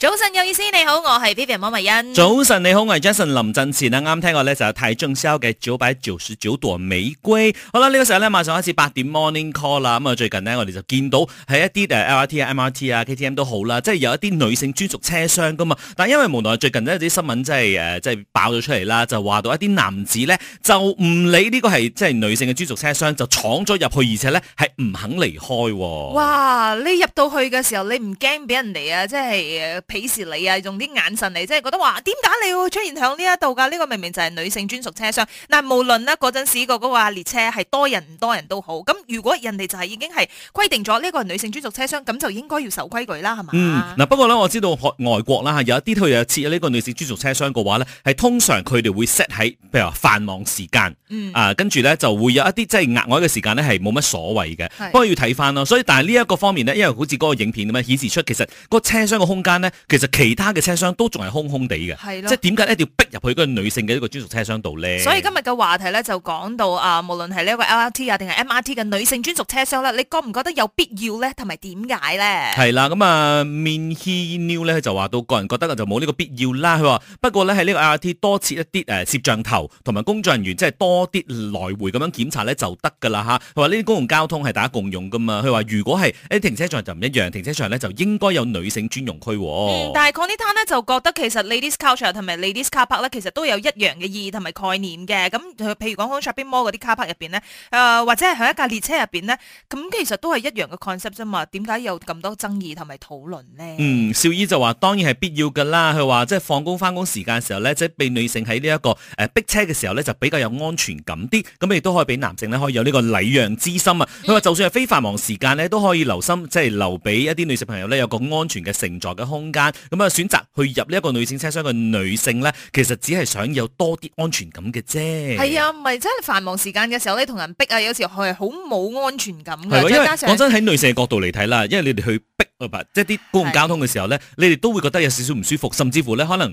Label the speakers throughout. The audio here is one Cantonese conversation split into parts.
Speaker 1: 早晨有意思，你好，我係 Vivian 摩文欣。早
Speaker 2: 晨你好，我係 Jason 林振前，啱啱聽過咧，就邰正宵嘅九百九十九朵玫瑰。好啦，呢、這個時候咧馬上開始八點 morning call 啦。咁、嗯、啊，最近呢，我哋就見到喺一啲誒、啊、L R T 啊、M R T 啊、K T M 都好啦，即係有一啲女性專屬車廂噶嘛。但係因為無奈最近呢有啲新聞、真係呃、即係誒即係。搞咗出嚟啦，就話到一啲男子咧就唔理呢個係即係女性嘅專屬車廂，就闖咗入去，而且咧係唔肯離開哦。哇！
Speaker 1: 你入到去嘅時候，你唔驚俾人哋啊，即係鄙視你啊，用啲眼神嚟，即係覺得話點解你會出現響呢一度噶？呢個明明就係女性專屬車廂。嗱，無論咧嗰陣時個嗰個列車係多人唔多人都好，咁如果人哋就係已經係規定咗呢個係女性專屬車廂，咁就應該要守規矩啦，係
Speaker 2: 嘛？嗯，嗱，不過咧我知道外國啦吓，有一啲佢又設咗呢個女性專屬車廂嘅話咧，係通常佢哋會 set 喺，譬如話繁忙時間，嗯、啊，跟住咧就會有一啲即係額外嘅時間咧係冇乜所謂嘅，不過是要睇翻咯。所以但係呢一個方面咧，因為好似嗰個影片咁樣顯示出，其實個車廂嘅空間咧，其實其他嘅車廂都仲係空空地嘅，的即係點解一定要逼入去嗰個女性嘅一個專屬車廂度咧？所以今
Speaker 1: 日嘅話題咧就講到啊，無論係呢一個 LRT 啊定係 MRT 嘅女性專屬車廂咧，你覺唔覺得有必要咧？同埋點解咧？
Speaker 2: 係啦，咁、嗯、啊，Minhie New 咧就話到個人覺得就冇呢個必要啦。佢話不過咧喺呢個 LRT。多設一啲誒攝像頭同埋工作人員，即係多啲來回咁樣檢查咧，就得㗎啦嚇。佢話呢啲公共交通係大家共用㗎嘛。佢話如果係喺停車場就唔一樣，停車場咧就應該有女性專用區。啊、嗯，但
Speaker 1: 係 Conny Tan 就覺得其實 ladies culture 同埋 ladies car park 咧其實都有一樣嘅意義同埋概念嘅。咁譬如講 shopping mall 嗰啲 car park 入邊呢，誒或者係喺一架列車入邊呢，咁其實都係一樣嘅 concept 啫嘛。點解有咁多爭議同埋討論呢？
Speaker 2: 嗯，少姨就話當然係必要㗎啦。佢話即係放工翻工時間嘅時候咧，即女性喺呢一個誒逼車嘅時候咧，就比較有安全感啲。咁亦都可以俾男性咧，可以有呢個禮讓之心啊。佢話就算係非繁忙時間咧，都可以留心，即係留俾一啲女性朋友咧，有個安全嘅乘坐嘅空間。咁啊，選擇去入呢一個女性車廂嘅女性咧，其實只係想有多啲安全感嘅啫。係
Speaker 1: 啊，唔係真係繁忙時間嘅時候咧，同人逼啊，有時佢係好冇安全感嘅。係啊，因為講真喺
Speaker 2: 女性角度嚟睇啦，因為你哋去逼啊，即係啲公共交通嘅時候咧，你哋都會覺得有少少唔舒服，甚至乎咧可能。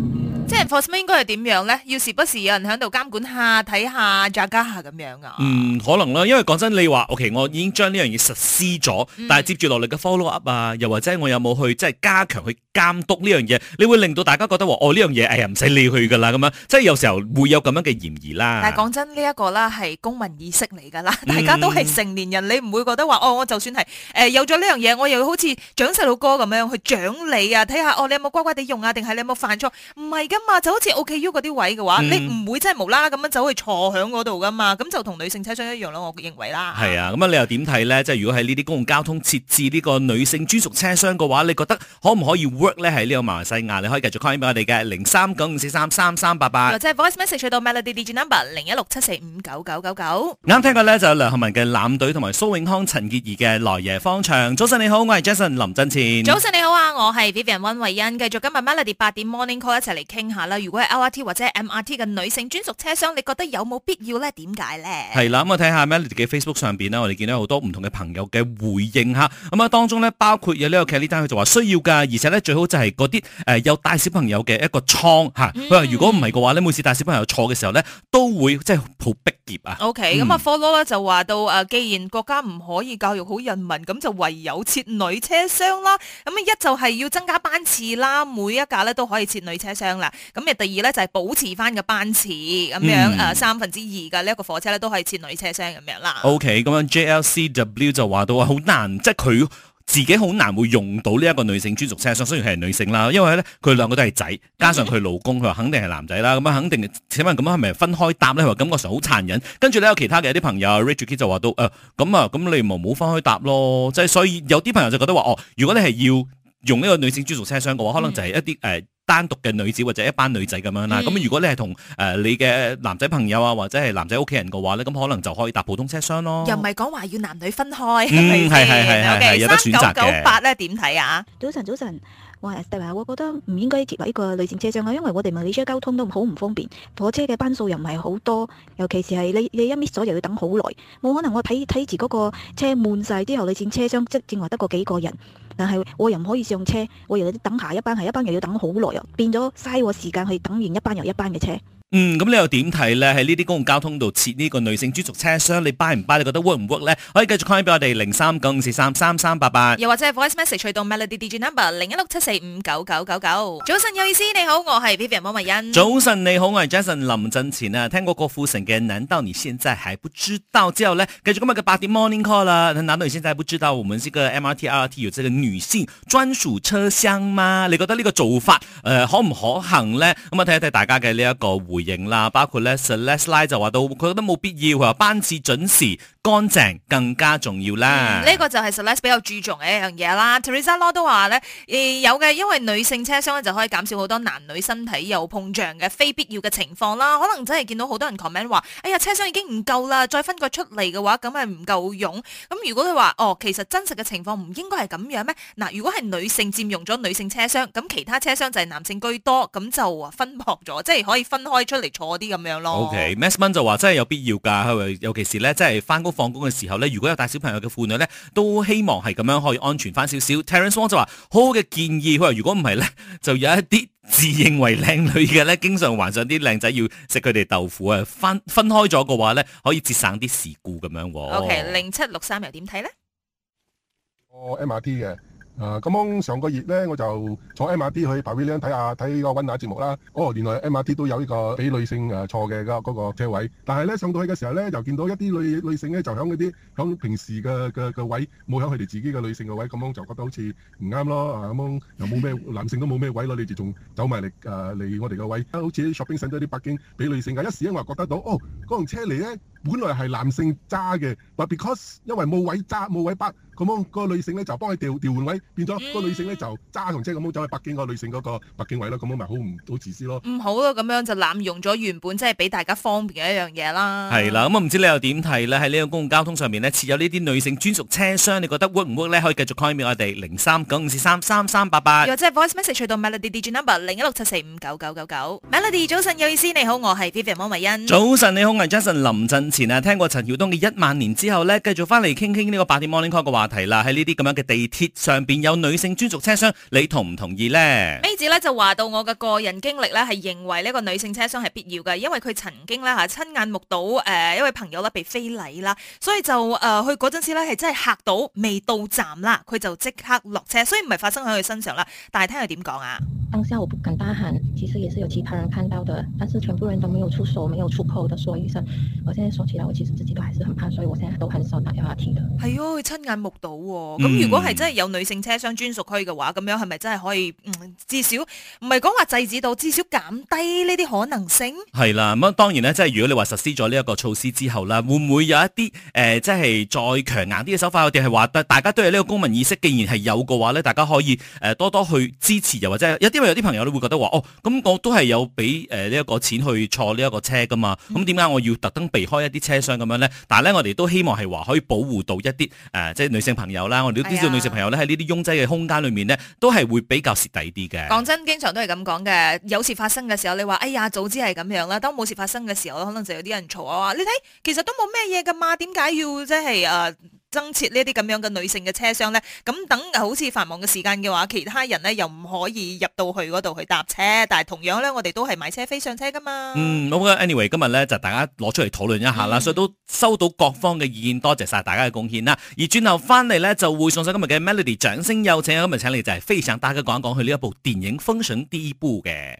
Speaker 1: 即係 formal 應該係點樣咧？要時不時有人喺度監管下睇下，再加下咁樣噶。
Speaker 2: 嗯，可能啦，因為講真，你話 OK，我已經將呢樣嘢實施咗，但係接住落嚟嘅 follow up 啊，又或者我有冇去即係加強去監督呢樣嘢？你會令到大家覺得話哦，呢樣嘢誒又唔使你去噶啦咁樣。即係有時候會有咁樣嘅嫌疑啦。但係講
Speaker 1: 真，呢一個啦係公民意識嚟噶啦，大家都係成年人，你唔會覺得話哦，我就算係誒有咗呢樣嘢，我又好似獎細路哥咁樣去獎你啊？睇下哦，你有冇乖乖地用啊？定係你有冇犯錯？唔係噶。嗯、就好似 O.K.U 嗰啲位嘅話，嗯、你唔會真係無啦啦咁樣走去坐響嗰度噶嘛，咁就同女性車廂一樣啦，我認為啦。
Speaker 2: 係啊，咁啊、嗯嗯、你又點睇咧？即、就、係、是、如果喺呢啲公共交通設置呢個女性專屬車廂嘅話，你覺得可唔可以 work 咧？喺呢個馬來西亞，你可以繼續 call 我哋嘅零三九五四三三三八八，或
Speaker 1: 者 voice message 去到 Melody Digi number 零一六七四五九九九九。
Speaker 2: 啱聽過咧，就有梁漢文嘅《艦隊》同埋蘇永康、陳潔儀嘅《來夜方長》。早晨你好，我係 Jason 林振前。早晨
Speaker 1: 你好啊，我係 Vivian 温慧欣。繼續今日 melody 八點 morning call 一齊嚟傾。下啦，如果係 L R T 或者 M R T 嘅女性專屬車廂，你覺得有冇必要咧？點解咧？
Speaker 2: 係啦，咁啊睇下 Melody 嘅 Facebook 上邊咧，我哋見到好多唔同嘅朋友嘅回應吓，咁、嗯、啊當中咧包括有呢個 Kelly 丹佢就話需要噶，而且呢，最好就係嗰啲誒有帶小朋友嘅一個倉吓，佢話、嗯、如果唔係嘅話咧，每次帶小朋友坐嘅時候呢，都會即係好逼仄啊。OK，咁啊
Speaker 1: follow 咧就話到誒、呃，既然國家唔可以教育好人民，咁就唯有設女車廂啦。咁啊一就係要增加班次啦，每一架咧都可以設女車廂啦。咁誒，第二咧就係保持翻個班次咁樣誒，三分之二嘅呢一個火車咧都可以設女車廂咁樣啦。
Speaker 2: O K，咁樣 J L C W 就話到啊，好難，即係佢自己好難會用到呢一個女性專屬車廂，雖然係女性啦，因為咧佢兩個都係仔，加上佢老公佢話肯定係男仔啦，咁啊肯定，請問咁樣係咪分開搭咧？話感覺上好殘忍。跟住咧有其他嘅一啲朋友 Richie 就話到誒，咁啊咁你唔好唔好分開搭咯，即係所以有啲朋友就覺得話哦，如果你係要用呢個女性專屬車廂嘅話，可能就係一啲誒。嗯單獨嘅女子或者一班女仔咁樣啦，咁、嗯、如果你係同誒你嘅男仔朋友啊，或者係男仔屋企人嘅話咧，咁可能就可以搭普通車廂咯。又唔
Speaker 1: 係講話要男女分開，嗯，係係係，有得選擇嘅。三九九八咧點睇啊？早晨早晨。我係，覺得唔應該接埋呢個女性車廂啦，因為我哋馬來西亞交通都好唔方便，火車嘅班數又唔係好多，尤其是係你你一 miss 咗又要等好耐，冇可能我睇睇住嗰個車滿曬之後，女性車廂即係正話得個幾個人，但係我又唔可以上車，我又等下一班，係一班又要等好耐，又變咗嘥我時間去等完一班又一班嘅車。
Speaker 2: 嗯，咁你又點睇咧？喺呢啲公共交通度設呢個女性專屬車廂，你 buy 唔 buy？你覺得 work 唔 work 咧？可以繼續 call 返俾我哋零三九五四三三三八八，又
Speaker 1: 或者係 voice message，去到 melody dj number 零一六七四五九九九九。早晨有意思，你好，我係 Vivian 莫文欣。早
Speaker 2: 晨你好，我係 Jason。林振前啊，聽過郭富城嘅《難道你現在還不知道》之後，呢，繼續今日嘅八點 morning call 啦。難道你現在不知道我們呢個 MRT r t 有這個女性專屬車廂嗎？你覺得呢個做法誒、呃、可唔可行呢？咁啊睇一睇大家嘅呢一個回。回應啦，包括咧 Sir Leslie 就話到，佢覺得冇必要，佢話班次準時，乾淨更加重要啦，呢、嗯這
Speaker 1: 個就係 SLS 比較注重嘅一樣嘢啦。Teresa Law 都話咧，誒、呃、有嘅，因為女性車廂咧就可以減少好多男女身體有碰撞嘅非必要嘅情況啦。可能真係見到好多人 comment 話，哎呀，車廂已經唔夠啦，再分割出嚟嘅話咁係唔夠用。咁如果佢話，哦，其實真實嘅情況唔應該係咁樣咩？嗱，如果係女性佔用咗女性車廂，咁其他車廂就係男性居多，咁就話分薄咗，即係可以分開出嚟坐啲咁樣咯。O、okay.
Speaker 2: K，Maxman 就話真係有必要噶，尤其是咧即係翻工。真放工嘅時候咧，如果有帶小朋友嘅婦女咧，都希望係咁樣可以安全翻少少。Terence Wong 就話好好嘅建議，佢話如果唔係咧，就有一啲自認為靚女嘅咧，經常還上啲靚仔要食佢哋豆腐啊，分分開咗嘅話咧，可以節省啲事故咁樣。O K.
Speaker 1: 零七六三又點睇咧？
Speaker 2: 我 M R T 嘅。誒咁樣上個月咧，我就坐 MRT 去 Pavilion 睇下睇個溫拿節目啦。哦，原來 MRT 都有呢個俾女性誒坐嘅嗰個個車位。但係咧，上到去嘅時候咧，就見到一啲女女性咧就喺嗰啲喺平時嘅嘅嘅位，冇喺佢哋自己嘅女性嘅位，咁、嗯、樣就覺得好似唔啱咯。啊咁樣、嗯、又冇咩男性都冇咩位咯，你哋仲走埋嚟誒嚟我哋嘅位，好似 Shopping Centre 啲北京俾女性㗎。一時因我覺覺得到，哦嗰輛、那個、車嚟咧，本來係男性揸嘅，but because 因為冇位揸冇位咁樣個女性咧就幫佢調調換位，變咗個女性咧就揸紅車咁樣走去北京個女性嗰個北京位咯，咁樣咪好唔好自私咯？唔
Speaker 1: 好咯，咁樣就濫用咗原本即係俾大家方便嘅一樣嘢啦。係
Speaker 2: 啦，咁啊唔知你又點睇咧？喺呢個公共交通上面咧設有呢啲女性專屬車廂，你覺得 work 唔 work 咧？可以繼續 call me，我哋零三九五四三三三八八，或
Speaker 1: 者 voice message 到 Melody 嘅 number 零一六七四五九九九九。Melody 早晨有意思，你好，我係 Vivian 王慧欣。早
Speaker 2: 晨你好，我係 Jason。臨陣前啊，聽過陳曉東嘅《一萬年》之後咧，繼續翻嚟傾傾呢個八點 Morning Call 嘅話。提啦，喺呢啲咁樣嘅地鐵上邊有女性專屬車廂，你同唔同意呢？
Speaker 1: 妹子咧就話到我嘅個人經歷咧，係認為呢個女性車廂係必要嘅，因為佢曾經咧嚇親眼目睹誒一位朋友咧被非禮啦，所以就誒去嗰陣時咧係真係嚇到，未到站啦，佢就即刻落車。所以唔係發生喺佢身上啦，但係聽佢點講啊？當下我不敢大喊，其實也是有其他人看到的，但是全部人都沒有出手，沒有出口的說一聲。我現在說起來，我其實自己都還是很怕，所以我現在都很少打電話傾的。係哦，佢親眼目。到咁、嗯、如果係真係有女性車廂專屬區嘅話，咁樣係咪真係可以？嗯、至少唔係講話制止到，至少減低呢啲可能性。
Speaker 2: 係啦，咁當然咧，即係如果你話實施咗呢一個措施之後啦，會唔會有一啲誒、呃，即係再強硬啲嘅手法？我哋係話大家都係呢個公民意識，既然係有嘅話咧，大家可以誒多多去支持，又或者有啲有啲朋友都會覺得話哦，咁我都係有俾誒呢一個錢去坐呢一個車噶嘛，咁點解我要特登避開一啲車廂咁樣咧？但係咧，我哋都希望係話可以保護到一啲誒、呃，即係女，女性朋友啦，我哋都知道女性朋友咧喺呢啲擁擠嘅空間裏面咧，都係會比較蝕底啲嘅。講
Speaker 1: 真，經常都係咁講嘅。有事發生嘅時候，你話哎呀，早知係咁樣啦。當冇事發生嘅時候，可能就有啲人嘈啊。話你睇，其實都冇咩嘢㗎嘛，點解要即係誒？呃增設呢啲咁樣嘅女性嘅車廂呢，咁等好似繁忙嘅時間嘅話，其他人呢又唔可以入到去嗰度去搭車，但係同樣呢，我哋都係買車飛上車噶嘛。
Speaker 2: 嗯，好嘅，anyway，今日呢就大家攞出嚟討論一下啦，嗯、所以都收到各方嘅意見，多謝晒大家嘅貢獻啦。而轉頭翻嚟呢，就會送上今日嘅 melody 掌聲有請今日請你就係非常大家講一講佢呢一部電影《封神第一部》嘅。